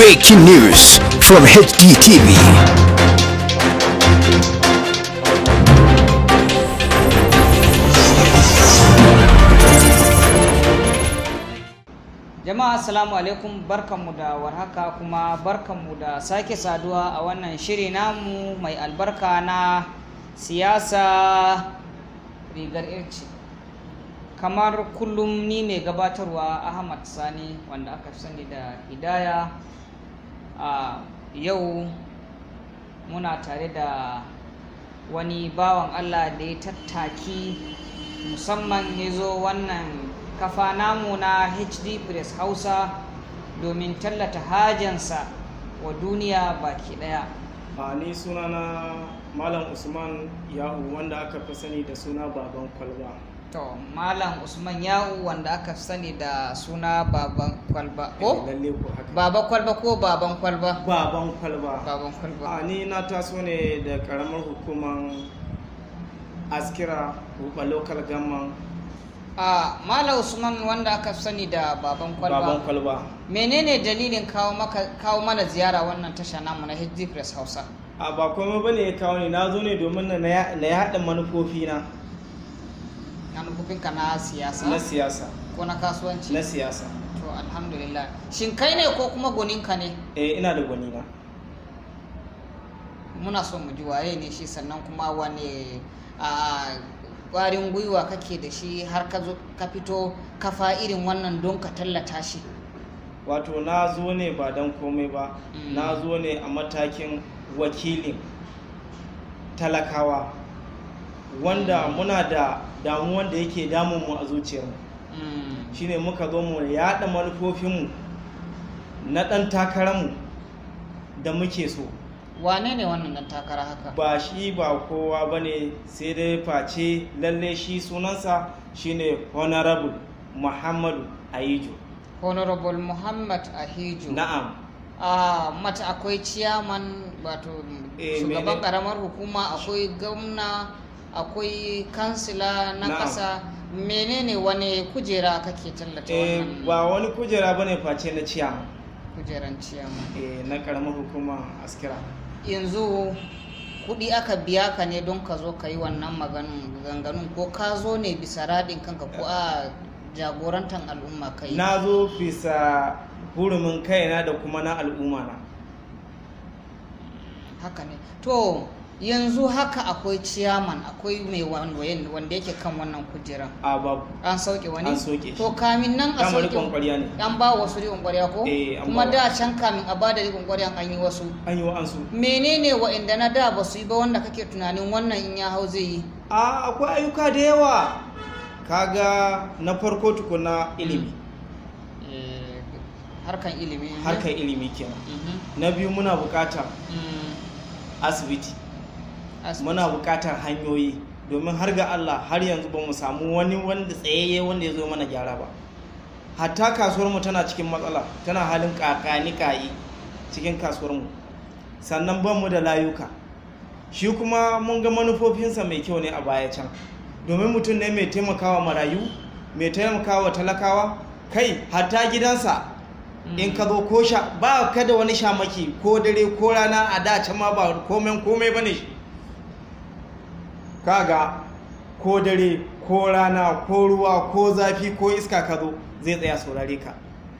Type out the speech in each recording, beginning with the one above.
breaking news from HDTV. Jama'a Assalamu alaikum barkanmu da warhaka kuma barkanmu da sake saduwa a wannan shiri namu mai albarka na siyasa rigar irci. Kamar kullum ni mai gabatarwa Ahmad Sani wanda aka sani da Hidaya a yau muna tare da wani bawan allah da ya tattaki musamman ya zo wannan kafa namu na hd press hausa domin tallata hajansa wa duniya baki ɗaya. a ni sunana malam usman yahu wanda aka fi sani da suna baban kwalba to malam usman yawo wanda aka sani da suna baban kwalba ko eh, baban kwalba ko baban kwalba baban kwalba baban kwalba a ni na taso ne da karamar hukumar askira ruba local government a malam usman wanda aka sani da baban kwalba baban kwalba menene dalilin kawo maka kawo mana ziyara wannan tasha namu na HD Press Hausa a ba komai bane ya kawo ne na zo ne domin na ya haɗa manufofi na manufofin ka na siyasa na siyasa ko na kasuwanci na siyasa to alhamdulillah shin kai ne ko kuma ka ne eh ina da na. muna so mu ji waye eh, ne shi sannan kuma wane kwarin gwiwa kake da shi har ka zo ka fito kafa irin wannan don ka tallata shi wato na zo ne ba dan komai ba mm. na zo ne a matakin wakilin talakawa wanda mm. muna da damuwan da yake damun mu a zuciyarmu hmm. shine muka zo mu yaɗa manufofinmu na ɗan takararmu da muke so wane ne wannan ɗan takara haka ba shi ba kowa ba ne sai dai face lalle shi sunansa shine honorable muhammadu Ahijo. honorable muhammad ahijo na'am a mata akwai ciyaman wato eh, shugaban karamar hukuma akwai gwamna akwai kansila na kasa menene wani kujera kake tallata eh, wannan. ba wani kujera bane face na ciyama kujeran ciyama eh na karamar hukuma askira yanzu kudi aka biya ka ne don ka zo ka yi wannan maganin ganganun ko ka zo ne bisa radin kanka ko a jagorantar al'umma kai na zo bisa hurumin kaina da kuma na al'umma na haka ne to yanzu haka akwai ciyaman akwai mai wanda yake kan wannan kujeran a babu an sauke wani an sauke to kamin nan a sauke an ba wasu riƙon kwarya ko eh, kuma da can kamin a bada riƙon kwarya an yi wasu an yi wa'ansu menene wa'inda na da ba su yi ba wanda kake tunanin wannan in ya hau zai yi a akwai ayyuka da yawa kaga na farko tukuna ilimi eh, harkan ilimi harkan ilimi kenan mhm. na biyu muna bukata mm. asibiti muna buƙatar hanyoyi domin har ga Allah har yanzu ba mu samu wani wanda tsayayye wanda ya zo mana gyara ba hatta mu tana cikin matsala tana halin kakani cikin cikin mu sannan ban mu da layuka shi kuma mun ga manufofinsa mai kyau ne a baya can domin mutum ne mai taimakawa marayu mai taimakawa talakawa kai hatta gidansa in ka zo ko sha ba ka da wani shamaki ko dare ko rana a da can ma ba komai komai bane shi kaga ko dare ko rana ko ruwa ko zafi ko iska ka zo zai tsaya saurare ka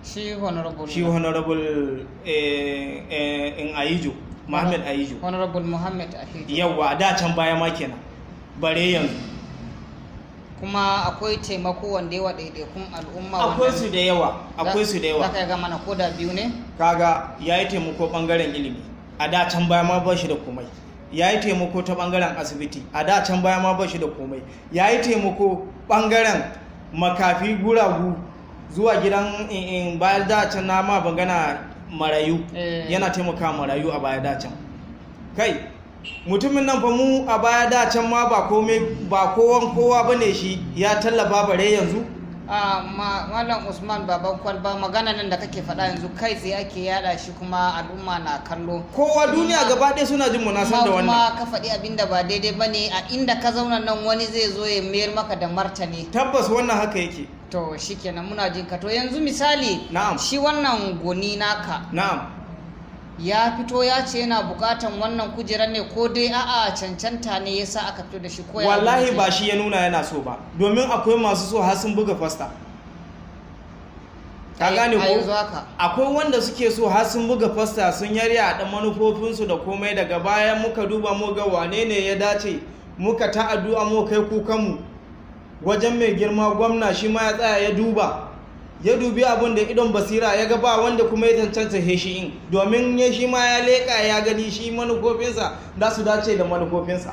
shi honorable shi honorable eh, eh, in ayijo Muhammad Ayijo. Honorable Muhammad Ayijo. Yawwa da can baya ma kenan. Bare yanzu. Kuma akwai taimako wanda yawa daidaikun al'umma Akwai su da yawa, akwai su da yawa. Zaka ga mana koda biyu ne? Kaga yayi taimako bangaren ilimi. A da can baya ma ba shi da komai. ya yi taimako ta ɓangaren asibiti a da can baya ma ba shi da komai ya yi taimako ɓangaren makafi guragu zuwa gidan eh, eh, bayan da can na ma bangana marayu eh. yana taimaka marayu a bayar da can kai mutumin nan fa mu a baya da can ma ba komai ba kowan kowa bane shi ya tallafa bare yanzu Ah, Malam Usman Baban Kwalba magana nan da kake faɗa yanzu kai tsaye ake yada shi kuma al'umma na kallo. Kowa duniya gaba ɗaya suna jin munasar da wannan. Kuma ka faɗi abin da ba daidai ba ne a inda ka zauna nan wani zai zo ya mayar maka da martani. Tabbas wannan haka yake. To shikenan muna jin ka to yanzu misali. Na'am. Shi wannan goni naka. Na'am. ya fito ya ce yana bukatan wannan kujerar ne ko dai a'a cancanta ne yasa aka fito da shi ko wallahi ba shi ya nuna yana so ba domin akwai masu so har sun buga fasta ka eh, gane ko akwai wanda suke so har sun buga fasta sun yarya a manufofin su da komai daga bayan muka duba mu ga wane ne ya dace muka ta addu'a mu kai mu wajen mai girma gwamna shi ma ya tsaya ya duba ya dubi abun da idon basira ya ga ba wanda kuma ya cancanta shi in domin ya shi ma ya leƙa ya gani shi manufofinsa da su dace da manufofinsa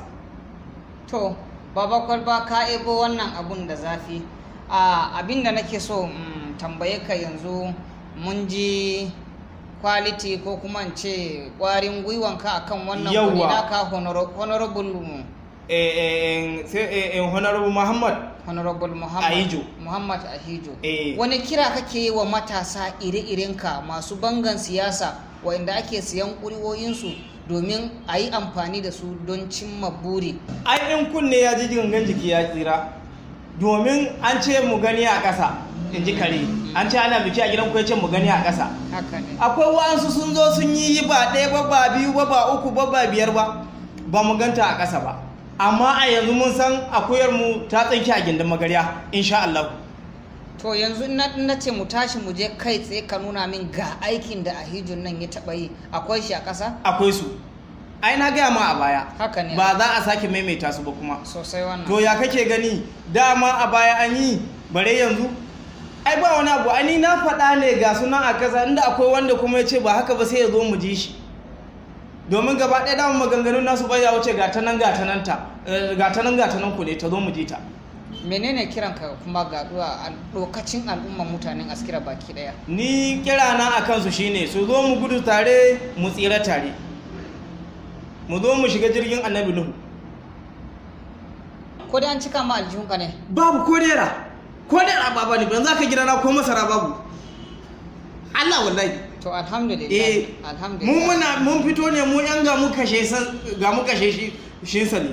to baba kwalba ka ebo wannan abun da zafi abin da nake so tambaye ka yanzu mun ji kwaliti ko kuma in ce kwarin gwiwan gwiwanka akan wannan kudi naka honorable eh, eh, eh, honorable muhammad honorable muhammad ahijo muhammad ahijo eh. wani kira kake yi wa matasa ire-irenka masu bangan siyasa wanda ake siyan su domin a yi amfani da su don cimma buri ai in kunne ya ji gangan jiki ya tsira domin an ce mu gani a ƙasa in ji kare an ce ana biki a gidan ku ya ce mu gani a ƙasa akwai wa'ansu sun zo sun yi ba ɗaya ba ba biyu ba ba uku ba ba biyar ba ba mu ganta a ƙasa ba amma a yanzu mun san akuyar mu ta tsinki a gindin magarya insha Allah to yanzu na ce mu tashi mu je kai tsaye ka nuna min ga aikin da ahijun nan ya taba yi akwai shi a ƙasa akwai su ai na gaya ma a baya haka ne ba za a sake maimaita su ba kuma sosai wannan to ya kake gani dama a baya an yi bare yanzu ai ba wani abu ani na faɗa ne ga sunan a kasa inda akwai wanda kuma ya ce ba haka ba sai ya zo mu ji shi domin gaba ɗaya damar maganganun nasu bai ya wuce gata nan ta eh, nan kule ta zo mu ji ta menene ka kuma ga a lokacin al'ummar mutanen askira baki daya ni kira na a kansu shine su zo mu gudu tare mu tsira tare mu zo mu shiga jirgin annabi nuhu ko dai an cika ma aljihunka ne babu ko nera ko nera baba ne ban za ka na ko masara babu allah wallahi to alhamdulillah eh alhamdulillah muna mun fito ne mu yan ga muka kashe san ga mu kashe shi sa ne.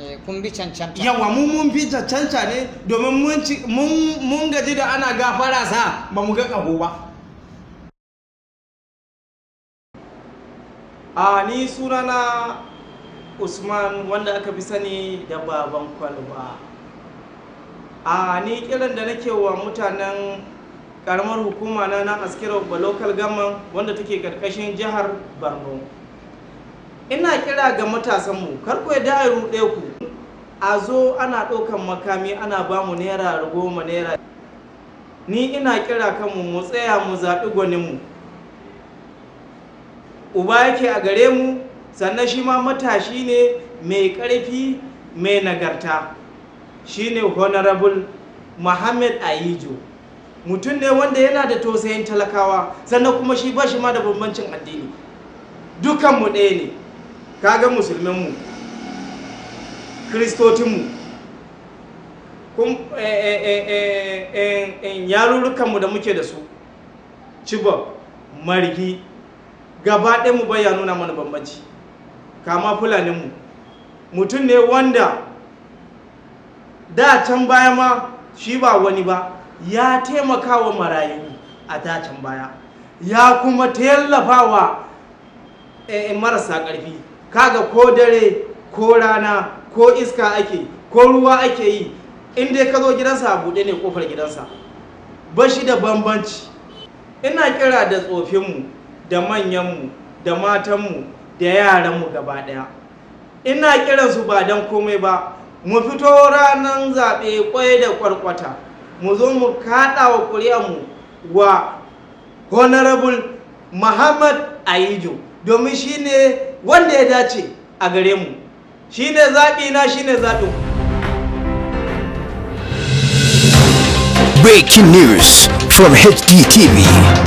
Eh, kun bi cancanta yawa mu mun fi cancanta ne domin mun mun gaji da ana gafara sa ba mu ga kaho ba a ni sunana usman wanda aka fi sani da baban kwalba a ni kiran da nake wa mutanen karamar hukuma na na askira ba local government wanda take karkashin jihar borno ina kira ga matasanmu kar ku yadda a ruɗe ku a zo ana ɗaukan makami ana ba mu naira goma naira ni ina kira kan mu mu tsaya mu zaɓi mu uba yake a gare mu sannan shi ma matashi ne mai ƙarfi mai nagarta shine honorable Muhammad Ayijo. mutum ne wanda yana da tausayin talakawa sannan kuma shi ba shi ma da bambancin addini dukanmu ɗaya ne kaga musulminmu kristotinmu eh, eh, eh, yarurrukanmu da muke da su cibab marigi gaba ɗayanmu mu nuna mana bambanci kama fulaninmu mutum ne wanda da can baya ma shi ba wani ba ya taimaka wa marayu a dacin baya ya kuma ta yallafa wa eh, marasa ƙarfi kaga ko dare ko rana ko iska ake ko ruwa ake yi Inda ka zo gidansa buɗe ne ƙofar gidansa ba shi da bambanci ina kira da tsofinmu da manyanmu da matanmu da yaranmu gaba ɗaya ina kiransu ba don komai ba mu fito ranar zaɓe kwai da kwarkwata mu zo mu kaɗa wa ƙuri'anmu wa honorable muhammad ayijo domin shi wanda ya dace a gare mu shi ne na shi ne breaking news from HDTV.